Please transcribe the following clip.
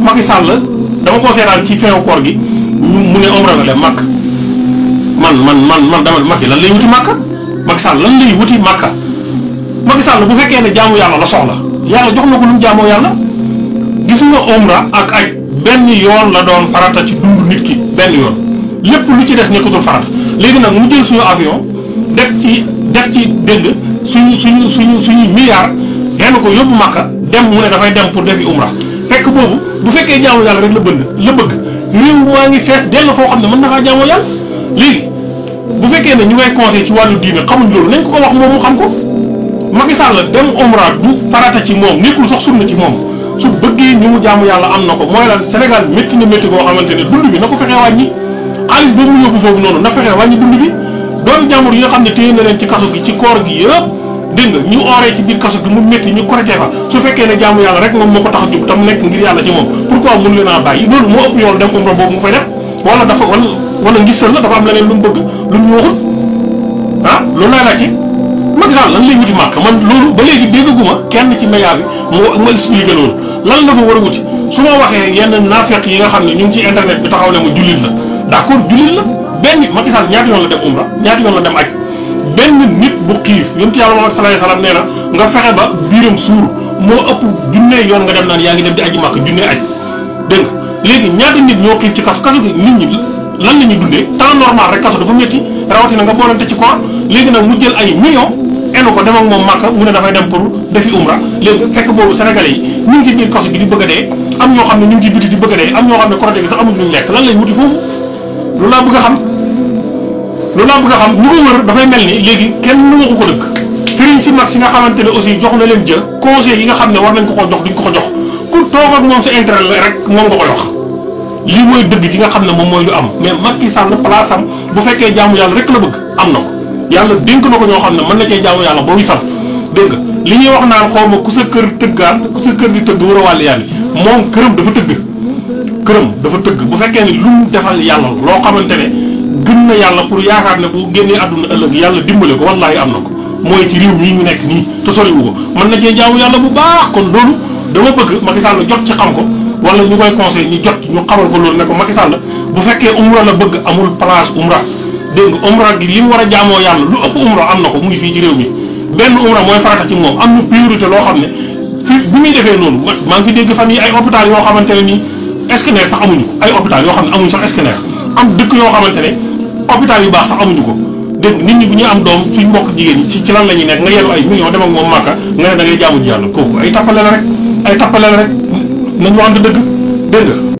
Macky la dama ko seetaan ci feewu koor gi mu ne omra nga dem màkk man man man man dama yi lan lay wuti màkka Macky Sall lan lay wuti màkka Macky Sall bu fekkee ne jaamu yàlla la soxla yàlla jox na ko lu mu jaamoo yàlla gis nga ak aj benn yoon la doon farata ci dund nit ki benn yoon lépp lu ci def nekkatul farata léegi nag mu jël suñu avion def ci def ci dégg suñu suñu suñu suñu milliard yenn ko yóbbu màkka dem mu ne dafay dem pour defi umra fekk boobu bu fekkee jaamu yàlla rek la bëgg la bëgg réew maa ngi fees dell foo xam ne mën na faa jaamoo yàlla léegi bu fekkee ne ñu ngay conseil ci wàllu diine xamuñ loolu nañ ko ko wax moom xam ko Macky Sall dem omra du farata ci moom nekkul sax sunna ci moom su bëggee ñu mu jaamu yàlla am na ko mooy lan Sénégal métti na métti koo xamante ne dund bi na ko fexee wàññi xaalis boobu mu foofu noonu na fexee wàññi dund bi doon jàmbur yi nga xam ne leen ci kaso gi ci dégg nga ñu ooree ci biir kaso gi mu métti ñu korotee fa su fekkee ne jaamu yàlla rek moom moo ko tax a jub tam nekk ngir yàlla ci moom pourquoi mënu leen a bàyyi loolu moo ëpp yoon dem umra la dafa ah man loolu ba léegi déggaguma kenn ci média bi moo ma expliqué loolu lan la fa war a wuti su ma waxee yenn naafeq yi nga xam ne ñu ngi ci internet bi taxaw ne ma jullit la d'accord jullit la benn yoon la dem umra ñaata yoon bu xiif yonent yàlla Muhammad sallallahu alayhi wasallam nee na nga fexe ba biiram suur moo ëpp junne yoon nga dem naan yaa ngi dem di aji màkk junne aj dégg léegi ñaata nit ñoo xiif ci kaso kaso gi nit ñi lan la ñuy dundee temps normal rek kaso dafa métti rawatina nga boolante ci koor léegi nag mu jël ay millions enu ko dem moom màkk mu ne dafay dem pour defi umra léegi fekk boobu sénégalais yi ñu ngi biir kaso gi di bëgg a dee am ñoo xam ne ñu ngi ci biti di a dee am loolu laa bëgg a xam ñu ko wër dafay mel ni léegi kenn waxu ko dëkk sëriñ si mag si nga xamante ne aussi jox na leen jël conseil yi nga xam ne war nañ ko ko jox duñ ko ko jox ku toog ak moom sa intérêt mooy dëgg gi nga xam ne moom mooy lu am mais Macky Sall place am bu fekkee jaamu yàlla rek la bëgg am na ko yàlla dénk na ko ñoo xam ne mën na cee jaamu yàlla ba wisal dégg nga li ñuy wax naan xaw ma ku sa kër tëggaan ku sa kër di tëgg war a wàll yàlla moom këram dafa tëgg këram dafa tëgg bu fekkee ne lu mu defal yàlla loo xamante ne gën na yàlla pour yaakaar ne bu génnee àdduna ëllëg yàlla dimbale ko wallaahi am na ko mooy ci réew mii ñu nekk nii te soriwu ko mën na cee jaamu yàlla bu baax kon loolu dama bëgg Macky Sall jot ci xam ko wala ñu koy conseil ñu jot ñu xamal ko loolu ne ko Macky Sall bu fekkee umra la bëgg amul place umra dégg nga umra gi mu war a jaamoo yàlla lu ëpp umra am na ko mu ngi fii ci réew mi benn umra mooy farata moom am loo xam ne fi bi defee noonu maa ngi fi dégg fan yi ay hôpital yoo xamante ne nii scanner sax amuñu ay hôpital yoo xam ne amuñu sax scanner am dëkk yoo xamante ne hôpital yu baax sax amuñu ko dégg nit ñi bu ñu am doom suñ mbokk jigéen ñi ci ci lan la ñuy nekk nga yellu ay millions dem ak moom màkka nga ne da ngay jaamu ji yàlla kooku ay tappale la rek ay tappale rek nañ waxante dëgg dégg nga